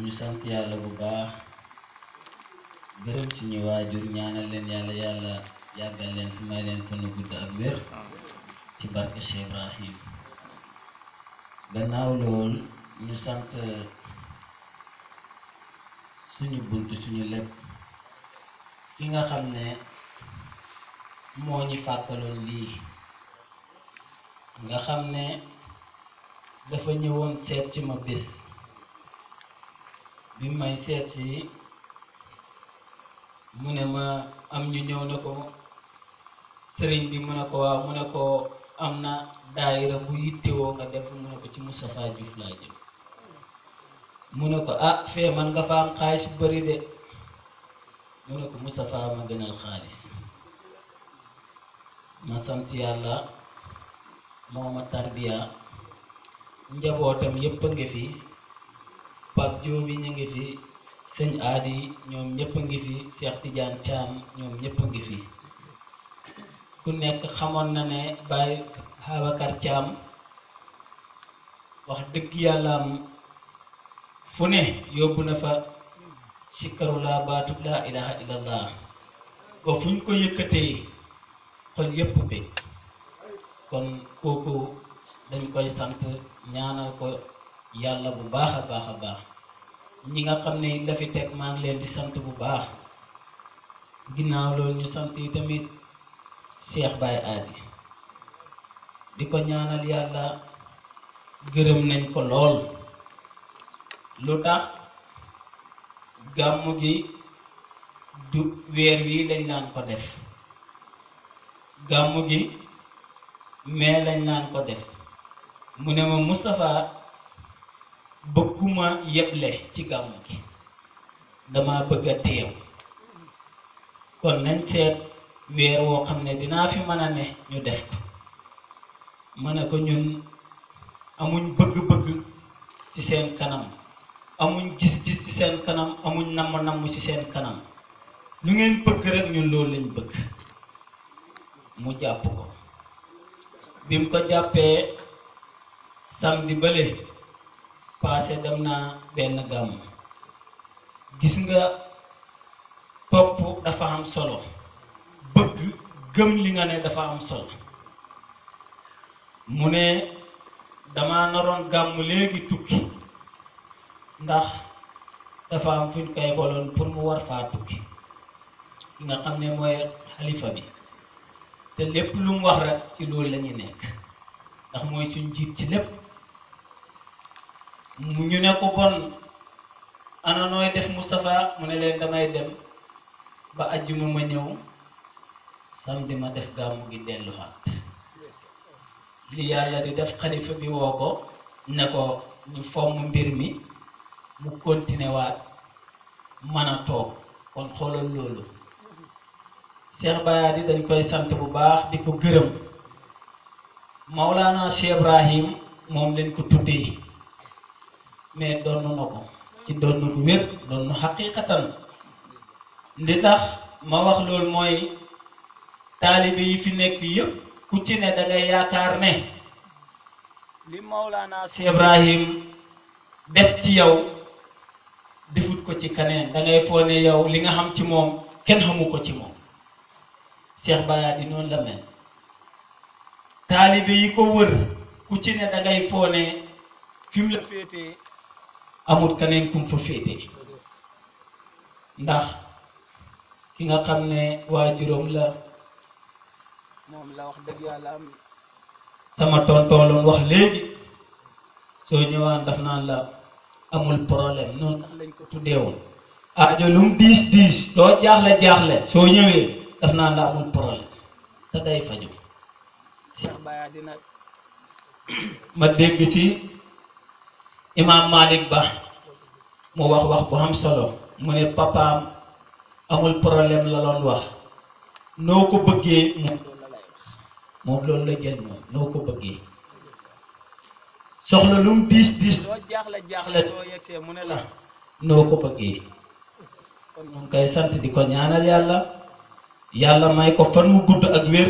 ñu sant yàlla bu baax gërëm suñu waajur ñaanal leen yàlla yàlla yàggal leen fi may leen fanu gudd ak wér ci barke Cheikh Ibrahim gannaaw lool ñu sant suñu bunt suñu lépp ki nga xam ne moo ñi fàkkaloon lii nga xam ne dafa ñëwoon seet ci ma bés bi may seet mu ne ma am ñu ñëw ne ko sëriñ bi mu ne ko waaw mu ne ko am na daayira bu yittewoo nga def mu ne ko ci Moustapha Diouf laa jëm mu ne ko ah fee man nga fa am xaalis bu bëri de mu ne ko Moustapha ma gënal xaalis ma sant yàlla moo ma tarbiya njabootam yépp a ngi fi Pape Diop ñu ngi fi sëñ aadi ñoom ñëpp a ngi fi seex Tidiane Thiam ñoom ñëpp a ngi fi ku nekk xamoon na ne Baye Babacar Thiam wax dëgg yàlla am fu ne yóbbu na fa sikkaru laa baatub laa ilaha fu ñu ko yëkkatee xol yépp bi kon kooku dañ koy sant ñaanal ko yàlla bu baax a baax a baax ñi nga xam ne la fi teg maa ngi leen di sant bu baax ginnaaw loolu ñu sant yi tamit Cheikh Baye Adi di ko ñaanal yàlla gërëm nañ ko lool lu tax gàmmu gi du weer wi lañ naan ko def gàmmu gi mais lañ naan ko def mu ne ma Moustapha bëgguma yeble ci gàmm gi dama bëgg a teew kon nañ seet weer woo xam ne dinaa fi mën a ne ñu def ko ma ne ko ñun amuñ bëgg-bëgg ci seen kanam amuñ gis-gis ci seen kanam amuñ namm-namm ci seen kanam lu ngeen bëgg rek ñun loolu lañ bëgg mu jàpp ko bi mu ko jàppee samedi bële passé dem naa benn gàmm gis nga topp dafa am solo bëgg gëm li nga ne dafa am solo mu ne dama naroon gàmm léegi tukki ndax dafa am fuñ koy boloon pour mu war faa tukki nga xam ne mooy xalifa bi te lépp lu wax rek ci loolu la ñu nekk ndax mooy suñ jiit ci lépp ñu ne ko kon ana nooy def Moustapha mu ne leen damay dem ba ajjuma ma ñëw bi ma def gàmmu gi delluwaat li di def xalifa bi woo ko ne ko ñu fomm mbir mi mu kontinewaat mën a toog kon xoolal loolu Cheikh yi dañ koy sant bu baax di ko gërëm Maulana Cheikh Ibrahim moom leen ko tuddee mais doon na ko ci doon na bu wér doon na xaqiqatan li tax ma wax loolu mooy taalibe yi fi nekk yëpp ku ci ne da yaakaar ne li Mawlaana si Ibrahim def ci yow defut ko ci kaneen da ngay foo yow li nga xam ci moom kenn xamu ko ci moom Cheikh Bayadi noonu la mel taalibe yi ko wër ku ci ne da ngay foo fi mu la féetee amul keneen kum fa féete ndax ki nga xam ne waa juróom la moom la wax dëgg yàlla am sama wax léegi soo ñëwaan daf naan la amul problème noonu tax lañ ko tuddeewoon aajo lum diis diis doo jaaxle jaaxle soo ñëwee daf naan la amul problème te day faju ma dégg si imaam Malik Ba mu wax wax bu am solo mu ne papaam amul problème la loon wax noo ko bëggee moom loolu la moom loolu la jël moom noo ko bëggee soxla lu diis diis soo jaaxle jaaxle mu ne la noo ko bëggee kon ñu ngi koy sant di ko ñaanal yàlla yàlla may ko fan mu gudd ak wér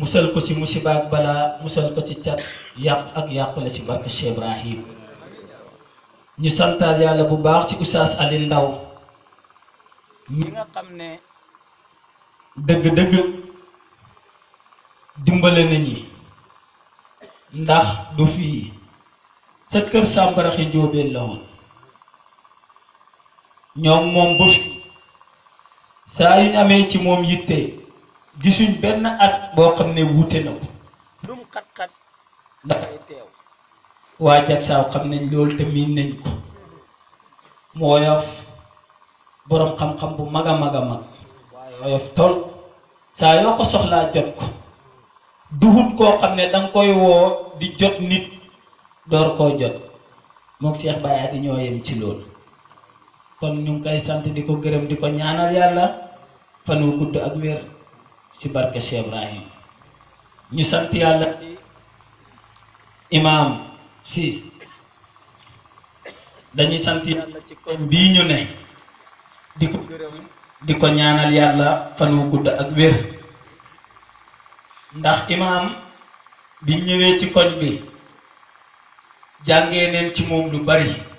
musal ko ci musiba ak balaa musal ko ci cat yàq ak yàqule ci barke Cheikh Ibrahim ñu santaal yàlla bu baax ci Oustaz Alioune Ndao ñi nga xam ne dëgg-dëgg dimbale na ñi ndax du fii sa kër sàmbaraxi jóobeen la woon ñoom moom bu fi saa yu amee ci moom yitte gisuñ benn at boo xam ne wuute na ko lum xat-xat dafay teew waa jag saaw xam nañ loolu te nañ ko mu woyof boroom xam-xam bu mag a mag a mag waaye woyof tol saa yoo ko soxlaa jot ko duhut koo xam ne danga koy woo di jot nit door koo jot mook Cheikh Baye Hady ñoo yem ci lool kon ñu ngi koy sant di ko gërëm di ko ñaanal yàlla fan wu gudd ak wér ci barke Cheikh Ibrahim ñu sant yàlla ci imaam siis dañuy sant yàlla ci koñ bii ñu ne di ko gërëm di ko ñaanal yàlla fan wu gudd ak wér ndax imaam bi ñëwee ci koñ bi jàngee neen ci moom lu bari